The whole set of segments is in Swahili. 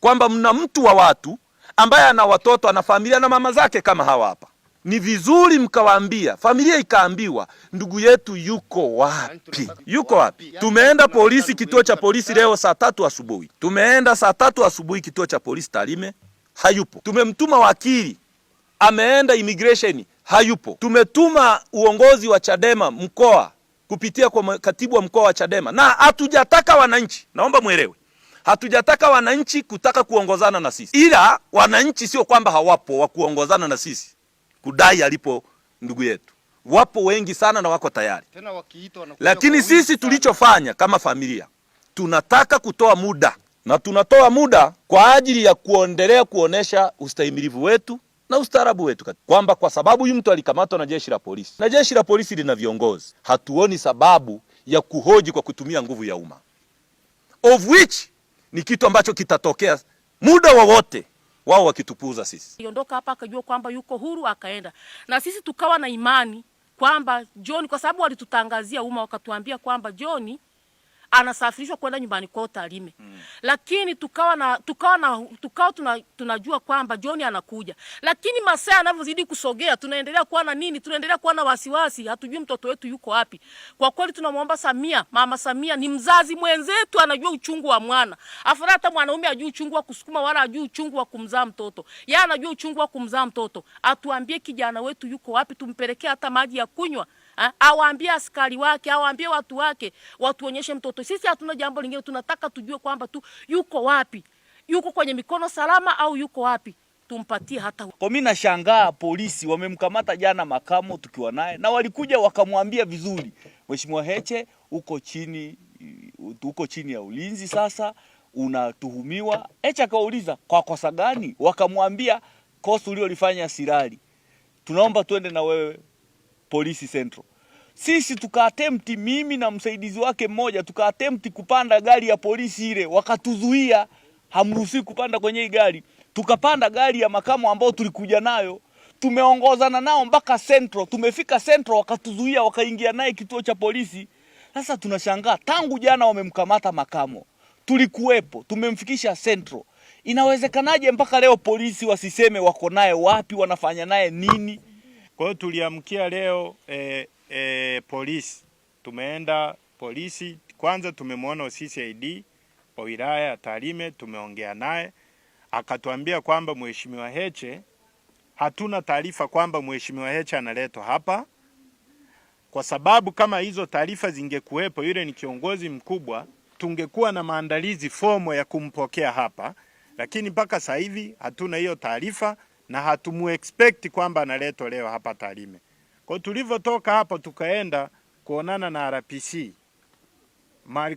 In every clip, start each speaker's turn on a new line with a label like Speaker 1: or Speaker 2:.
Speaker 1: kwamba mna mtu wa watu ambaye ana watoto ana familia na mama zake kama hawa hapa. Ni vizuri mkawaambia, familia ikaambiwa, ndugu yetu yuko wapi? Yuko wapi? Tumeenda polisi, kituo cha polisi leo saa tatu asubuhi, tumeenda saa tatu asubuhi kituo cha polisi Tarime, hayupo. Tumemtuma wakili, ameenda immigration, hayupo. Tumetuma uongozi wa Chadema mkoa kupitia kwa katibu wa mkoa wa Chadema, na hatujataka wananchi, naomba mwelewe Hatujataka wananchi kutaka kuongozana na sisi, ila wananchi sio kwamba hawapo wa kuongozana na sisi kudai alipo ndugu yetu, wapo wengi sana na wako tayari
Speaker 2: tena wakiitwa,
Speaker 1: lakini sisi tulichofanya kama familia tunataka kutoa muda na tunatoa muda kwa ajili ya kuendelea kuonesha ustahimilivu wetu na ustaarabu wetu, kwamba kwa sababu huyu mtu alikamatwa na jeshi la polisi na jeshi la polisi lina viongozi, hatuoni sababu ya kuhoji kwa kutumia nguvu ya umma of which ni kitu ambacho kitatokea muda wowote wa wao wakitupuuza sisi.
Speaker 3: Aliondoka hapa akajua kwamba yuko huru akaenda, na sisi tukawa na imani kwamba John, kwa sababu walitutangazia umma wakatuambia kwamba John anasafirishwa kwenda nyumbani kwao Tarime mm. Lakini tukawa na tukawa na tukawa tuna, tunajua kwamba John anakuja, lakini masaa yanavyozidi kusogea tunaendelea kuwa na nini, tunaendelea kuwa na wasiwasi, hatujui mtoto wetu yuko wapi. Kwa kweli tunamwomba Samia, mama Samia ni mzazi mwenzetu, anajua uchungu wa mwana, afadhali hata mwanaume ajui uchungu wa kusukuma wala ajui uchungu wa kumzaa mtoto, yeye anajua uchungu wa kumzaa mtoto. Atuambie kijana wetu yuko wapi, tumpelekee hata maji ya kunywa Ha? Eh? Awaambie askari wake, awaambie watu wake, watuonyeshe mtoto. Sisi hatuna jambo lingine, tunataka tujue kwamba tu yuko wapi, yuko kwenye mikono salama au yuko wapi, tumpatie hata.
Speaker 4: Kwa mimi nashangaa polisi wamemkamata jana Makamo tukiwa naye na walikuja wakamwambia vizuri, Mheshimiwa Heche, uko chini, uko chini ya ulinzi sasa unatuhumiwa. Heche akauliza kwa kosa gani, wakamwambia kosa uliolifanya sirali, tunaomba tuende na wewe polisi central. Sisi tukaatemti, mimi na msaidizi wake mmoja, tukaatemti kupanda gari ya polisi ile, wakatuzuia, hamruhusi kupanda kwenye hii gari. Tukapanda gari ya makamu ambao tulikuja nayo, tumeongozana nao mpaka central. Tumefika central, wakatuzuia, wakaingia naye kituo cha polisi. Sasa tunashangaa tangu jana wamemkamata makamo, tulikuwepo, tumemfikisha central. Inawezekanaje mpaka leo polisi wasiseme wako naye wapi, wanafanya naye nini? Kwa hiyo tuliamkia leo e, e, polisi, tumeenda polisi kwanza, tumemwona OCCID wa wilaya ya Tarime, tumeongea naye akatuambia kwamba mheshimiwa Heche, hatuna taarifa kwamba mheshimiwa Heche analetwa hapa, kwa sababu kama hizo taarifa zingekuwepo, yule ni kiongozi mkubwa, tungekuwa na maandalizi fomo ya kumpokea hapa, lakini mpaka sasa hivi hatuna hiyo taarifa na expect kwamba analetwa leo hapa Tarime. Kwa tulivyotoka hapo tukaenda kuonana na RPC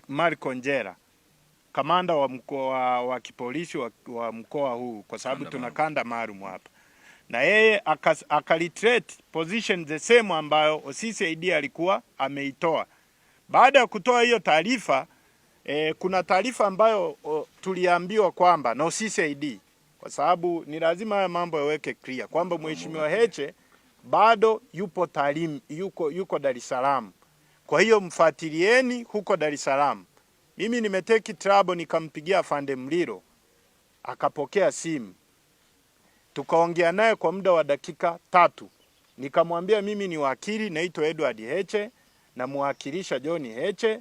Speaker 4: Marco Njera kamanda wa mkoa wa kipolisi wa, wa mkoa huu kwa sababu tuna kanda maalum hapa, na yeye akalitreat position the same ambayo OCCID alikuwa ameitoa. Baada ya kutoa hiyo taarifa eh, kuna taarifa ambayo o, tuliambiwa kwamba na OCCID kwa sababu ni lazima haya mambo yaweke clear kwamba Mheshimiwa Heche bado yupo Talim, yuko, yuko Dar es Salaam. Kwa hiyo mfuatilieni huko Dar es Salaam. Mimi nimeteki trouble nikampigia afande Mlilo akapokea simu, tukaongea naye kwa muda wa dakika tatu. Nikamwambia mimi ni wakili naitwa Edward Heche, namwakilisha John Heche.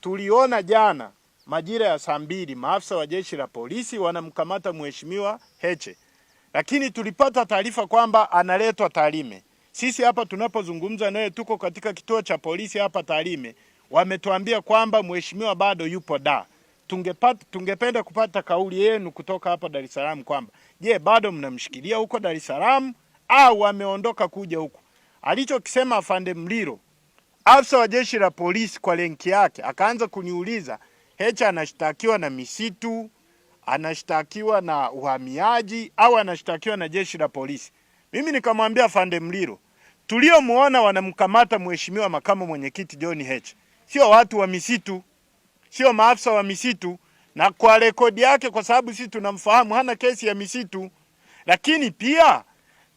Speaker 4: Tuliona jana majira ya saa mbili maafisa wa jeshi la polisi wanamkamata mheshimiwa Heche, lakini tulipata taarifa kwamba analetwa Tarime. Sisi hapa tunapozungumza naye tuko katika kituo cha polisi hapa Tarime, wametuambia kwamba mheshimiwa bado yupo da. Tungepata, tungependa kupata kauli yenu kutoka hapa Dar es Salaam kwamba je, bado mnamshikilia huko Dar es Salaam au wameondoka kuja huku? Alichokisema afande Mliro, afisa wa jeshi la polisi kwa lenki yake, akaanza kuniuliza Hecha anashtakiwa na misitu, anashtakiwa na uhamiaji au anashtakiwa na jeshi la polisi. Mimi nikamwambia Fande Mliro, tuliomwona wanamkamata mheshimiwa makamu mwenyekiti John Heche sio watu wa misitu, sio maafisa wa misitu. Na kwa rekodi yake, kwa sababu sisi tunamfahamu, hana kesi ya misitu. Lakini pia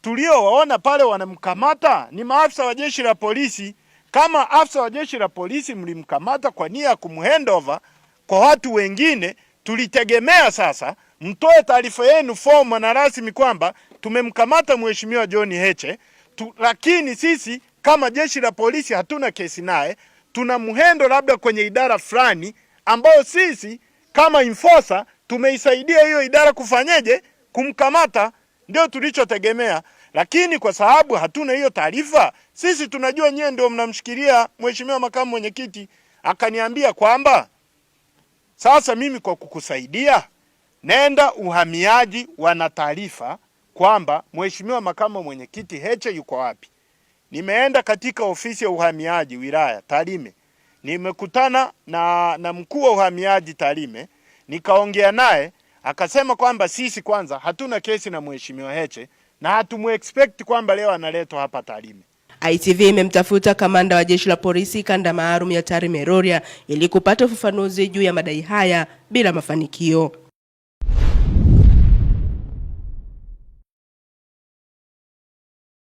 Speaker 4: tuliowaona pale wanamkamata ni maafisa wa jeshi la polisi. Kama afisa wa jeshi la polisi mlimkamata kwa nia ya kumhandover kwa watu wengine. Tulitegemea sasa mtoe taarifa yenu fomu na rasmi kwamba tumemkamata mheshimiwa John Heche tu, lakini sisi kama jeshi la polisi hatuna kesi naye, tuna mhendo labda kwenye idara fulani ambayo sisi kama infosa tumeisaidia hiyo idara kufanyeje, kumkamata. Ndio tulichotegemea, lakini kwa sababu hatuna hiyo taarifa, sisi tunajua nyewe ndio mnamshikilia mheshimiwa makamu mwenyekiti. Akaniambia kwamba sasa mimi kwa kukusaidia, nenda uhamiaji, wana taarifa kwamba mheshimiwa makamu mwenyekiti Heche yuko wapi. Nimeenda katika ofisi ya uhamiaji wilaya Tarime, nimekutana na, na mkuu wa uhamiaji Tarime, nikaongea naye akasema kwamba sisi kwanza hatuna kesi na mheshimiwa Heche na hatumwexpect kwamba leo analetwa hapa Tarime.
Speaker 5: ITV imemtafuta kamanda wa jeshi la polisi kanda maalum ya Tarime Rorya ili kupata ufafanuzi juu ya madai haya bila mafanikio.